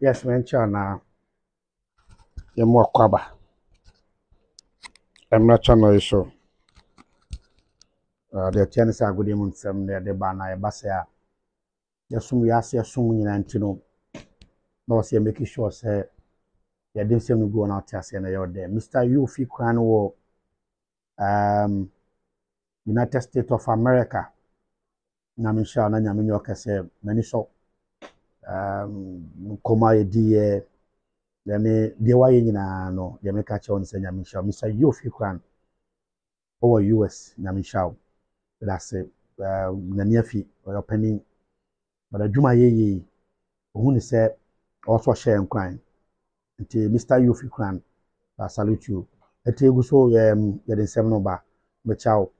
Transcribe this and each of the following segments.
yes menkyɛ anaa yɛmmoa kwaba ɛmmra channel yi so deɛ ɛteɛ ne sɛ agodeɛ mu nsɛm ne yɛde ba anaa yɛba sɛ a yɛsom yɛase yɛsom nyinaa nti no na wɔ sɛ yɛmaki sure sɛ yɛde nsɛm no gu hɔ no wote aseɛ no yɛwɔ dɛ mr yofi koraa no wɔ um, united states of america nyame nhyɛ a na nyame nyɛ ɔkɛsɛ m'ani sɔ nkɔmɔ a yɛdi yɛ ɛne deɛ wayɛ nyinaa no deɛ meka kyerɛ no sɛ nyame nhyira wo mr ɔwɔ us nyame nhyira wo ɛda ase nani afi ɔyɛ ɔpanin bada adwuma yɛyɛ yi ɔhu ne sɛ ɔwɔ hyɛ nkran nti mr yo fikran I salute you ɛte egu so yɛde nsɛm no ba mɛkyɛ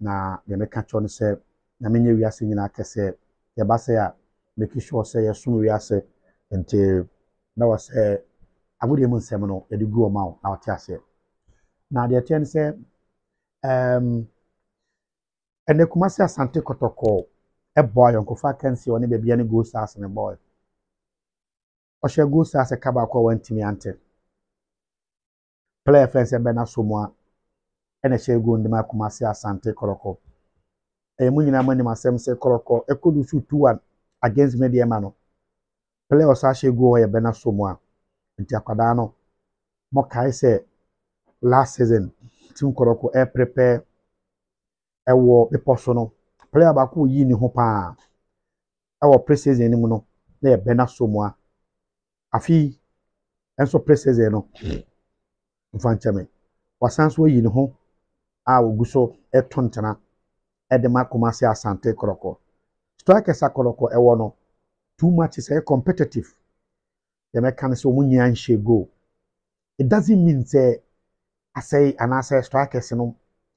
na deɛ meka kyerɛ no sɛ nyame nyɛ wiase nyinaa kɛseɛ yɛba sɛ a making sure sɛ yɛsom wiase nti na wɔsɛ agodeɛ mu nsɛm no yɛde gu ɔma wo na wɔte aseɛ na deɛ teɛ no sɛ um, ɛnɛ kuma sɛ asante kɔtɔkɔɔ ɛboa yɔnkofa kansi ɔne baabi ne goal stars ne bɔɔl ɔhyɛ goal stars ka baako a wantumi ante player fɛn sɛ bɛna so mu a ɛna ɛhyɛ goal ndema kuma sɛ asante kɔlɔkɔ ɛyɛ mu nyinaa mu anim asɛm sɛ kɔlɔkɔ ɛkɔdu so two one against me deɛ ma no player ɔsan ahyɛ goal ɔyɛ bɛna so mu a nti akwadaa no mo kae sɛ last season team kɔrɔkɔ e ɛwɔ e so no player baako yi ne ho paa ɛwɔ pre-season no mu no na somua bɛna so a afei nso pre-season no nfa nkyɛn wasan so yi ne ho a ogu so ɛto ntena ɛde ma asante koroko. strikers akɔlɔkɔ ɛwɔ no much is ɛyɛ competitive yɛmɛka no sɛ wɔn nyinaa nhyɛ goal it doesn't mean sɛ asɛe anaasɛ strikers no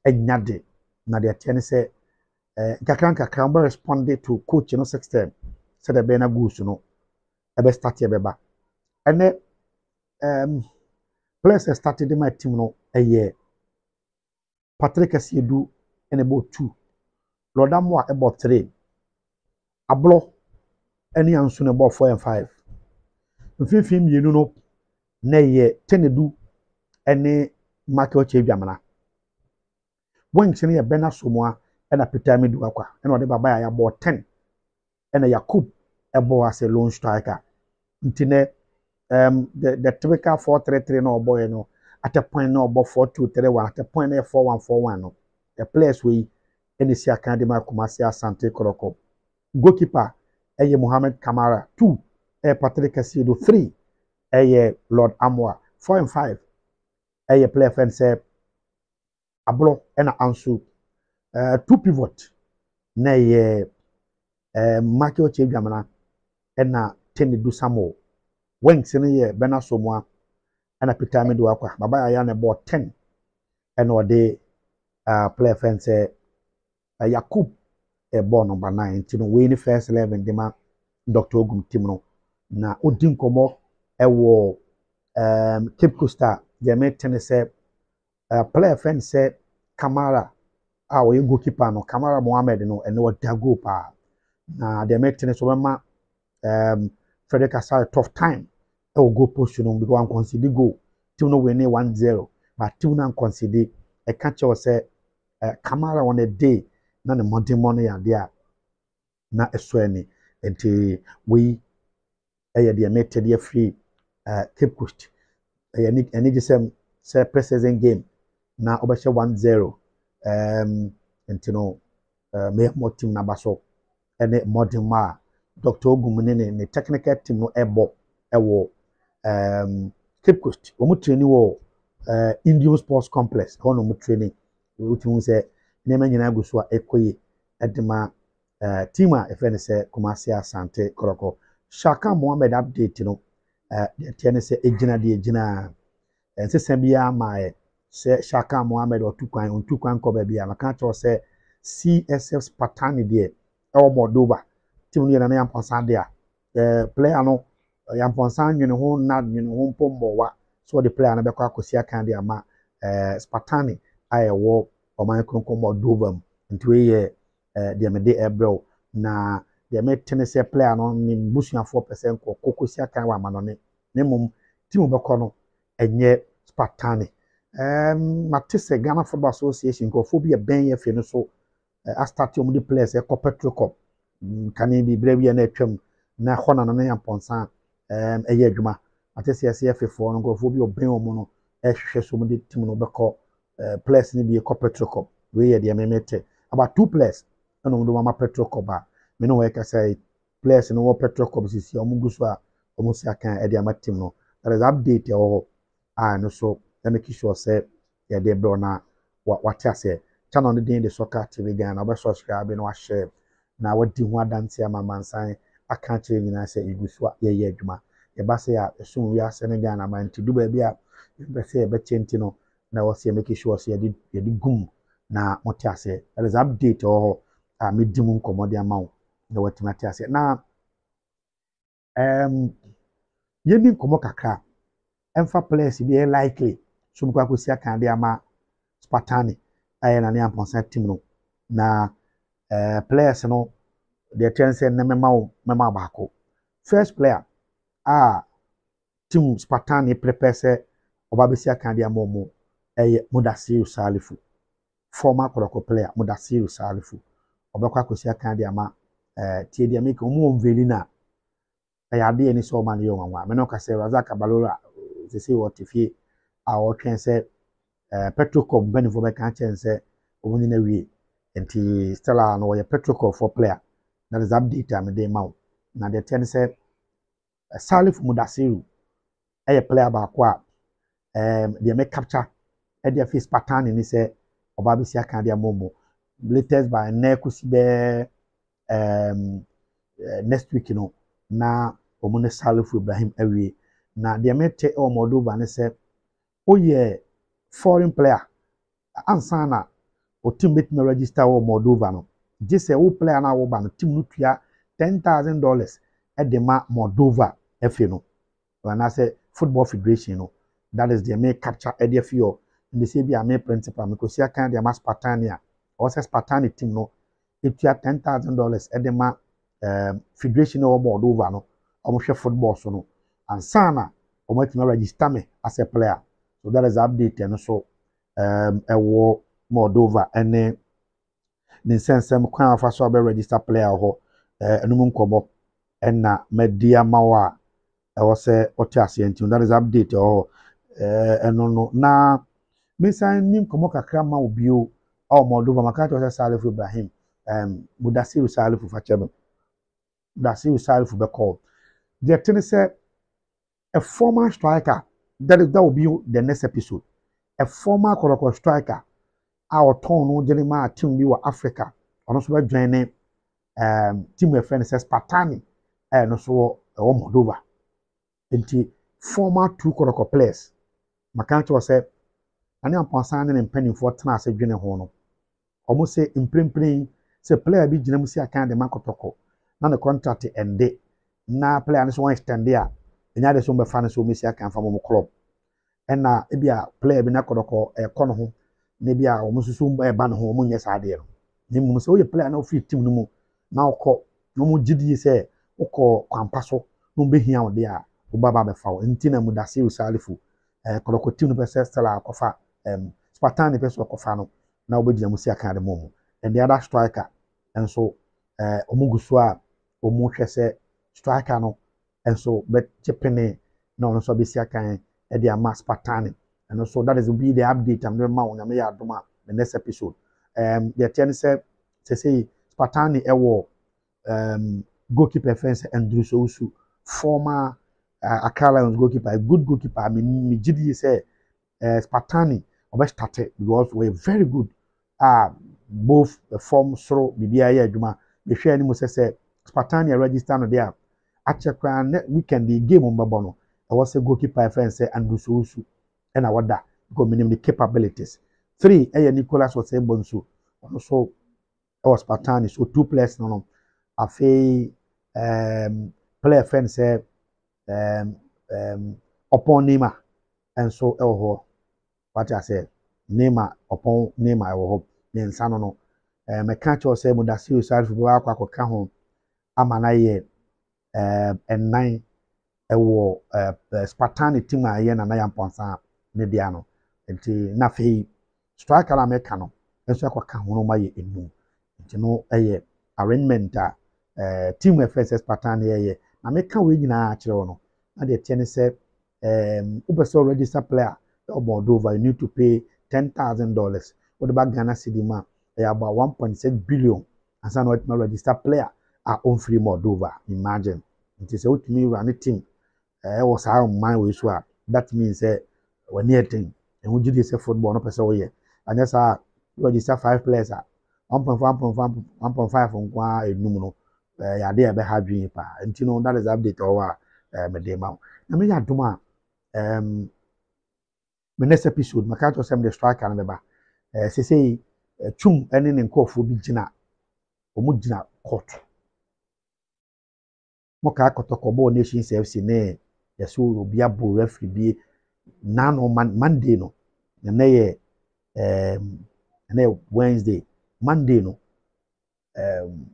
ɛnya de na deɛ teɛ ne sɛ ɛɛ nkakra nkakra wɔn bɛ respond to coach no system sɛdeɛ ɛbɛyɛ na goals no ɛbɛ start ɛbɛba ɛnɛ ɛɛm players a start de my team no ɛyɛ patrick asiedu ɛna ɛbɔ two lɔdamoa ɛbɔ three. ablɔ ɛne anso na ɛbɔ four and five mfimfini mmienu no na yɛ tenedu ɛne michael kye dwamana wɛnkye no yɛ bɛn somoa ɛna peter medu akwa ɛna ɔde baba yɛ abɔ ten ɛna yakub ɛbɔ e ase lone striker nti nɛ four three three na ɔbɔ yɛ no at a point na ɔbɔ four two three one na yɛ four one four one no ma goalkeeper ɛyɛ mohammed kamara two ɛyɛ patrick kasiedo three ɛyɛ lord amoa four and five ɛyɛ player fɛn sɛ aborɔ ɛna anso ɛɛ two pivot na ɛyɛ ɛɛ maki ɔkyɛ dwamana ɛna tenedu samuel wings no yɛ bɛna somoa ɛna peter amidi akwa. baba yaya na ɛbɔ ten ɛna ɔde ɛɛ player fɛn sɛ ɛɛ yakub ɛbɔɔ nɔmba nine nti no wei ne first eleven de ma dr ogum tim no na odi nkɔmɔ ɛwɔ um, cape coast a deɛ mete ne sɛ uh, player fɛn sɛ kamara a ɔyɛ goalkeeper no kamara mohammed no ɛno ɔda goal paa na deɛ mete ne so bɛma um, frederick asare tough time ɛwɔ goal post no because wankɔnsidi goal tim no win one zero but tim no ankɔnsidi ɛka kyerɛw sɛ uh, kamara on a day na ne mmɔdemmɔ no yɛ adeɛ a na ɛsɔ ani nti wei ɛyɛ deɛ mete deɛ firi uh, cape coast ɛyɛ gye sɛ sɛ pre-season game na wɔbɛhyɛ one zero um, nti no uh, eh, meyɛ mmɔ team naba so ɛne mmɔdemmɔ a dr ogum ne ne ne technical team no ɛbɔ ɛwɔ um, cape coast wɔn training wɔ uh, indian sports complex hɔ na wɔn training wɔn mu sɛ nneɛma nyinaa gu so a ɛkɔ yie ɛde ma ɛɛ eh, team a ɛfɛ no sɛ kumasi asante kɔrɔkɔ shaka mohammed update no ɛɛ eh, deɛ teɛ no sɛ egyina deɛ egyina ɛnsesa biara maa yɛ sɛ shaka mohammed ɔtu kwan ɔntu kwan kɔ baabi a maka kyerɛw sɛ csf patani deɛ ɛwɔ moldova team no yɛ nana yamponsan deɛ ɛɛ eh, player no yamponsan nwene ho nna nwene ho mpo mbɔwa so ɔde player no bɛkɔ akɔsi akan deɛ ama ɛɛ spatani a ɛwɔ ɔman kronkron mu ɔdova mu nti wɔyɛ ɛɛ deɛ mede ɛbrɛ wo na deɛ mete ne sɛ player no ne busuafoɔ pɛ sɛ nkɔ koko si akan wɔ amanɔne ne mmom tiimu bɛkɔ no ɛnyɛ spartani ɛɛm mate sɛ ghana football association nkurɔfoɔ bi yɛ bɛn yɛ fɛ no so ɛɛ astate wɔn de players ɛkɔ petro cup mm, nkane bi brɛ bi yɛ na atwam na hɔ na nane apɔnsa ɛɛm ɛyɛ adwuma ate sɛ yɛsɛ yɛfɛfoɔ no nkurɔfoɔ bi ɔbɛn wɔn no ɛhwehwɛ so wɔn de tiimu no bɛkɔ Eh, players ni bi kɔ petro cup wei yɛ deɛ mɛmɛ tɛ about two players ɛna wɔn de wɔn ama petro cup a mɛ no wɔyɛ kasa yi players no wɔ petro cup sisi a wɔn gu so a wɔn si akan ɛde ama team no that is update ɛwɔ hɔ a no so ɛna kisi wɔ sɛ yɛde brɛ na wate aseɛ channel no den de soccer tv ghana wɔbɛ subscribe na wahyɛ na wadi ho adanse ama mansan aka akyerɛ nyinaa sɛ egu so a yɛyɛ adwuma yɛba sɛ a ɛsum wiase ne ghana ma nti du baabi a yɛbɛ sɛ yɛbɛkyɛ nti no na wɔsi yɛ make sure sɛ yɛde yɛde gum na wɔte aseɛ that is update wɔ hɔ a medi mu nkɔmɔ de ama wo na wɔatumi ate aseɛ na um, yɛdi nkɔmɔ kakra ɛmfa players bi yɛ likely so mu kɔ akɔsi akan de ama spartani a yɛ nane ampɔnsa team no na uh, players no deɛ kyɛn sɛ ne mɛma wo mɛma baako first player a team spartani prepare sɛ ɔba bɛsi akan de ama wɔn ɛyɛ Mudasiru Salifu former Kodoko player Mudasiru Salifu ɔbɛkɔ akɔsi akan de ama ɛɛ eh, tie deɛ mi ka ɔmo wɔn veli na ɛyɛ adeɛ ni sɛ ɔmo ano yɛ wɔn wa mɛnɛ ɔkasɛ Razak Abalora sese wɔte fie a ɔtwɛn sɛ ɛɛ Petrocom mpanyinfoɔ bɛka kyɛn sɛ ɔmo nyina wie nti Stella no ɔyɛ Petrocom for player na de zap data mi de ma wo na deɛ tɛn sɛ eh, Salifu Mudasiru ɛyɛ player baako a ɛɛ deɛ mɛ capture ɛde afi spatan ne sɛ ɔbaa bi si aka de ama latest by nnɛ kosi bɛɛ um, next week no na wɔn ne salifu ibrahim awie na deɛ mɛte ɛwɔ moldova ne sɛ oyɛ foreign player ansan na o team bɛtumi register wɔ moldova no gye sɛ wo player na wɔba no team no tua ten thousand dollars ɛde ma moldova ɛfɛ no anaasɛ football federation no that is deɛ mɛ capture ɛde fi yɔ ɛde sɛ bi a me principal mekosi akan de ama spartani a ɔwɔ sɛ spartani team no etua ten thousand dollars ɛde ma ehm, federation a wɔbɔ ɔdo over no wɔhwɛ football so no ansa na wɔn atumi register me as a player so that is update ɛno so ɛɛm ehm, ɛwɔ moldova ɛne ne nsɛnsɛm kwan afa so abɛ register player hɔ ɛɛ eh, ɛnum nkɔmɔ ɛna mɛdi ama wɔ ɛwɔ sɛ ɔte aseɛ nti that is update ɛwɔ hɔ eh, ɛɛ ɛno no naa mesan ni nkɔmɔ kakra ma wo bio a wɔn ɔdova maka kyerɛ sɛ salifu ibrahim ɛm mudasiru salifu fakyɛ bɛ mudasiru salifu bɛ kɔɔ deɛ te ne sɛ a former striker that that will be the next episode a former kɔlɔkɔ striker a ɔtɔn no de ne ma team bi wɔ africa ɔno nso bɛ join ne ɛm team yɛ fɛ ne sɛ spartani ɛno e, nso wɔ ɛwɔ e, moldova nti former two kɔlɔkɔ players maka kyerɛ sɛ ane ampɔnsan ne ne mpanimfoɔ tena ase dwene ho no wɔn sɛ mprempren sɛ player bi gyina mu si akan de ma kɔtɔkɔ na ne contract ɛnde na player no so wɔn extende a enya de so bɛfa no so wɔn si akan fa wɔn club ɛna ebi a player bi na kɔtɔkɔ ɛkɔ ne ho na ebi a wɔn nso so ɛba ne ho wɔn nyɛ saa adeɛ no na mmom sɛ woyɛ player na ofiri team no mu na ɔkɔ na wɔn gyi die sɛ wokɔ kwampa so na wɔn bɛhia wɔn de a wɔn ba ba bɛfa wɔn nti na mu da se osaalifu ɛɛ kɔtɔkɔ team no pɛ sɛ stella akɔfa um, Spartan ne pɛ sɛ ɔkɔfa no na wobɛgyina mu si aka de mu mu and the other striker nso wɔn uh, eh, gu so a wɔn hwɛ sɛ striker no nso bɛgye pene na ɔno nso bɛsi akan de ama Spartan ɛno nso that is be the update am ma wɔn nyame yɛ adom a the next episode um, yɛteɛ ne sɛ sɛsɛyi Spartan ɛwɔ um, goalkeeper fɛn sɛ Andrew Sowusu former uh, eh, Accra Lions goalkeeper a good goalkeeper a me gyi di sɛ uh, Spartan ɔbɛstate because wɔyɛ very good a ah, both the form soro biribiara yɛ adwuma yɛhwɛ anim sɛ sɛ spartania register no deɛ a akyɛ koraa ne weekend de game mbɛbɔ no ɛwɔ sɛ goalkeeper yɛ fɛn sɛ andrew sowusu ɛna wɔda because minim the capabilities three ɛyɛ nicholas ɔsɛnbɔ nso ɔno so ɛwɔ spartania so two players no no afei um, player fɛn sɛ um, um, ɔpɔn nima ɛnso ɛwɔ wate aseɛ neema ɔpɔn neema ɛwɔ hɔ mmiɛnsa no no ɛɛ eh, mɛka kyerɛw ɔsɛ mo da siri saadifo bi wakɔ akɔka ho ama na yɛ ɛɛ ɛnan ɛwɔ ɛɛ ɛɛ spartan ne team a ɛyɛ nana yampɔnsa ne deɛ ano nti n'afɛɛ striker na mɛka no nso akɔka ho no ma yɛ enum nti no ɛyɛ arrangement a ɛɛ eh, team ɛfɛ sɛ spartan ne ɛyɛ na mɛka wɔn nyinaa kyerɛw no na deɛ teɛ ne sɛ ɛɛ eh, wopɛ sɛ ɔregister player. or Moldova, you need to pay ten thousand dollars. What about Ghana City Man? They are about 1.6 billion. And some of my register player are on free Moldova. Imagine. It is out to me run a team. I was how my way so that means uh, when near thing. And you do this football, no person here. And that's our register five players are five 1.5 nkwa enum no yade a ɛbɛha dwen paa nti no that is update ɔwɔ a mede ma wo na meyɛ adom a me next episode maka to sɛm de strike no bɛba eh sesei eh, twum ɛne ne nkɔfoɔ bi gyina wɔn gyina court mo kaa kɔtɔkɔbɔ nation service ne yɛsɛ obi abo referee bi nano monday no ɛnɛ yɛ ɛɛm ɛnɛ yɛ wednesday monday no ɛɛm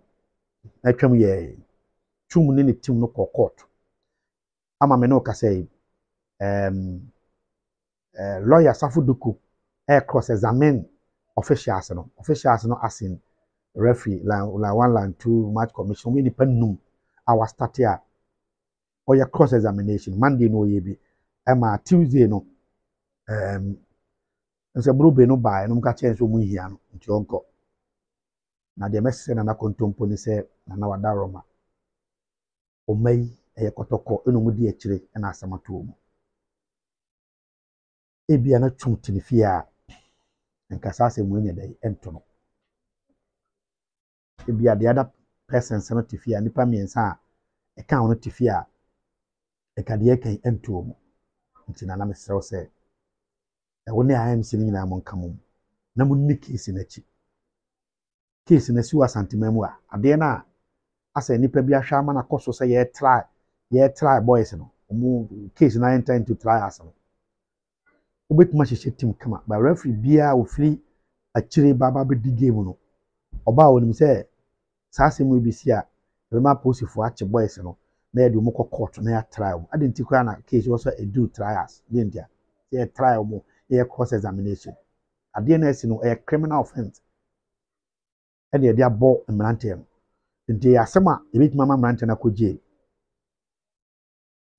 ɛtwam yɛ twum ne ne team no kɔ court ama me ne ɔkasa yi ɛɛm. Eh, lawyer Safo Duku air cross examine officials no officials no asin referee line line one line two match commission wey nipa num our start a ɔyɛ cross examination monday no ɔyɛ bi ɛma eh, tuesday no ɛɛm um, nsɛ burube no baa ɛnum mu yia no nti ɔnkɔ na deɛ mɛsɛ nana kontompo ne sɛ nana wada roma ɔma yi ɛyɛ eh, kɔtɔkɔ ɛna ɔmo di akyire ɛna asɛm ato ebia na twom te ne fie a nka asɛm wɔ nyɛ ɛnto no ebia the other person sɛ no te fie a nipa mmiɛnsa a ɛka wɔn te fie a ɛka deɛ ɛka yi ɛnto wɔn nti na nam srɛw sɛ ɛwɔ ne imc no nyinaa mo nka mo mu na mo nni keesi n'akyi keesi no si wɔ asantema mu a adeɛ no a asɛ nipa bi ahwɛ ama n'akɔ so sɛ yɛɛ try yɛɛ try boys no wɔn keesi no ayɛ ntɛn to try ase wobɛtumi ahyehyɛ team kama ba referee biara ofiri akyire baaba bɛdi game no ɔbaa wɔnim sɛ saa asɛm yi bi si a ɛbɛma apolisifoɔ akye boys no na yɛde wɔn kɔ court na yɛatra wɔn adi nti koraa na case wɔ so edu trials ne ndia yɛ trial mu yɛ cross examination adeɛ na ɛsi no ɛyɛ criminal offence ɛna yɛde abɔ mmeranteɛ no nti yɛ asɛm a yɛbɛtumi ama mmeranteɛ no akɔ gye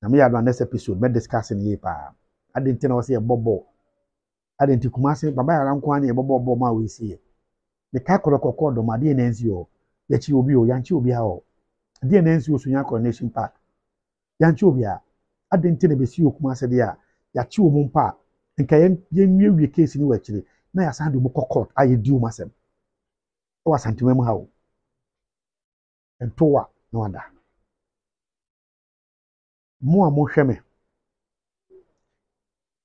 na meyɛ ado on next episode mɛ discuss ne yie paa adi nti na wɔsɛ yɛbɔ bɔɔl adi nti kumase baba yàrá nko ara yɛbɔ bɔɔl bɔɔl mu a wɔsi yɛ ne ka kɔrɔ kɔkɔɔ dɔm adeɛ na nsi hɔ yɛkyi obi o yankyi obi a hɔ adeɛ na nsi hɔ so yankɔ nation park yankyi obi a adi nti na besi hɔ kumase deɛ a yɛakyi wɔn mpa a nka yɛn yɛnwiewie keesi no wɔ akyire na yɛasan de wɔn kɔ court a yɛdi wɔn asɛm ɛwɔ asantuma mu ha o ntowa na wada mo a mohwɛ me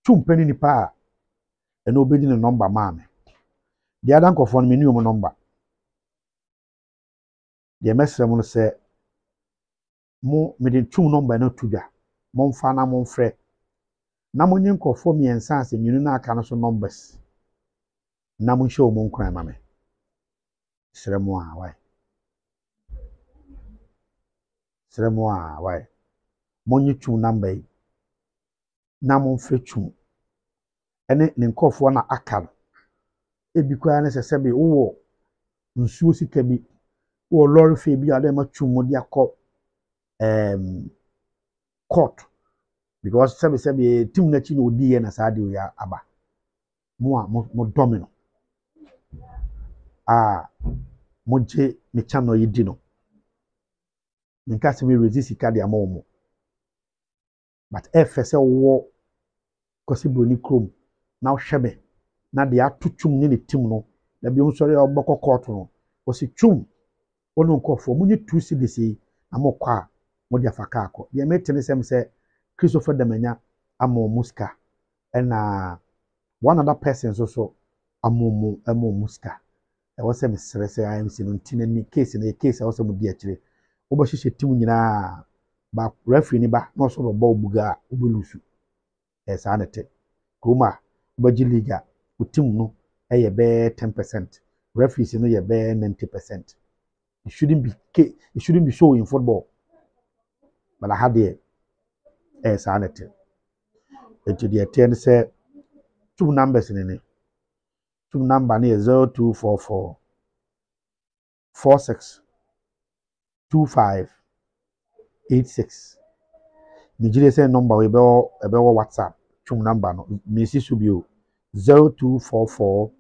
tu mpani nipa a ɛna obedi ne nɔmba maa mi deɛ ada nkɔfoɔ no mi ni wɔn nɔmba deɛ mɛsrɛ mo no sɛ mo mede tum nɔmba no to mo mfa na mo mfrɛ na mo nye nkɔfoɔ mmiɛnsa ase mmienu na aka no so nɔmbas na mo nhyɛ wɔn nkran ma mi srɛ mo a wae srɛ mo a wae mo nye na momfrɛ twum ɛne ne nkurɔfoɔ na aka no ebi koraa ne sɛ sɛbi wowɔ nsuo sika bi wowɔ lɔre fee bi a wɔde ma twum de akɔ ɛɛm court because sɛbi sɛbi tim n'akyi na odi yɛ na saa deɛ oyɛ aba mu a mo dɔmi no a mo gye me channel yi di no nka sɛ mi resist sika deɛ ama wɔn but ɛfɛ sɛ wɔwɔ. kwasi broni kurom na ɔhwɛ na deɛ ato twom ne ne tim no na bi nsɔre a ɔbɛkɔ kɔɔto no twom nkɔfoɔ mo nye two cds si na mo kɔ a mo de afa kaa kɔ deɛ mɛte ne sɛm sɛ damanya ama ɔmo sika one other person nso so ama ɔmo ama ɔmo sika ɛwɔ sɛ mesrɛ sɛ imc no nti no ni case no a mo di akyire tim nyinaa refri ne ba na ɔsɔ bɛbɔ saa na te kurom a wobɛgye league a wo no yɛ bɛyɛ ten percent referees no yɛ bɛyɛ ninety percent it shouldn't be ke it shouldn't be so in football but aha deɛ ɛyɛ saa na te etu deɛ teɛ no sɛ two numbers ne ne two number no yɛ zero two four four four six two five eight six megyere sɛ nɔmba wo ɛbɛwɔ ɛbɛwɔ whatsapp twom nɔmba no mesi so bio zero two four four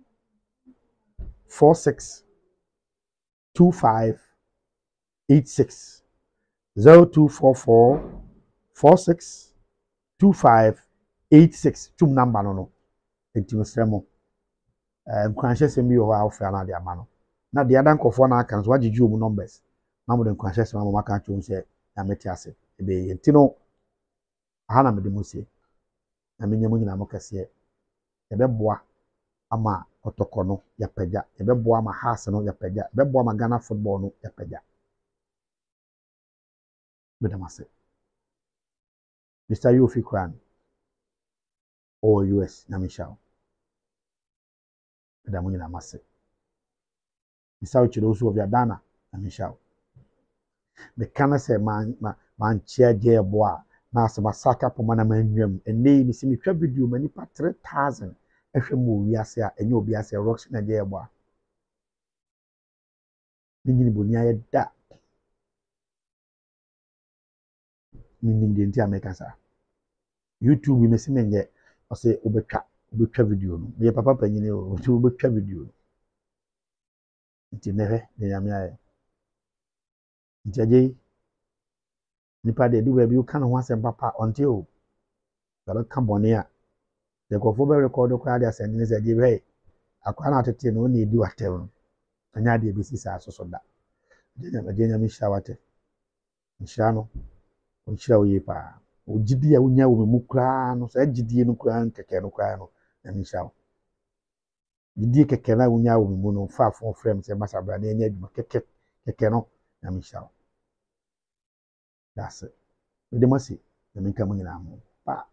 four six two five eight six zero two four four four six two five eight six twom nɔmba no no nti mesrɛ mo e, nkwanhyɛsɛm bi wɔ hɔ a wofrɛ no ade ama no na deɛ ada nkɔfoɔ no aka no so wagyegye wɔ mu numbers na mode nkwanhyɛsɛm ama maka kyerɛ mu sɛ na mete ase ɛbɛyɛ nti no aha na mede mo sie na menyɛ mu nyinaa mo kɛseɛ yɛbɛboa ama kɔtɔkɔ no yɛpagya yɛbɛboa ama haase no yɛpagya yɛbɛboa ama ghana football no yɛpagya medam ase mr yofi koraa no ɔwɔ us nyamehyia wo meda mo nyinaa mase misa wo kyerɛ wo so wɔ viadana nyamehyia wo meka sɛ mankyea gyeɛ ɛboa a na asɛmasaka poma na manwam ɛnɛ yi mesɛ metwa video ma nnipa 3000 ɛhwɛ mu wɔ wiase a ɛnyɛ obi ase rox na gye yɛboa ne nyini bɔni ayɛ da menim deɛ nti a meka saa youtube mesɛ menyɛ ɔsɛ wobɛtwa wobɛtwa video no meyɛ papa panyini nti wobɛtwa video no nti nɛhwɛ ne nyame ayɛ nti nipa de do baabi kan ne ho asɛm papa ɔnte o sɔrɔ ka bɔne a deɛ nkurɔfoɔ bɛ rekɔdo koraa de asɛndene sɛ deɛ bɛyɛ akwa na atete no ɔne edi watɛm no ɛnyɛ adeɛ bɛsi saa soso da agye nyame nhyira watɛ nhyira no ɔnhyira wo pa paa ogyidi a wonya wɔ mu koraa no saa gyidie no koraa kɛkɛ no koraa no nyame nhyira wo gyidie kɛkɛ no a wonya wɔ mu no faafo frɛ me sɛ masabra na ɛnyɛ adwuma kɛkɛ kɛkɛ no nyame nhyira wo That's it. The mercy. The minkamu in amu. Pa,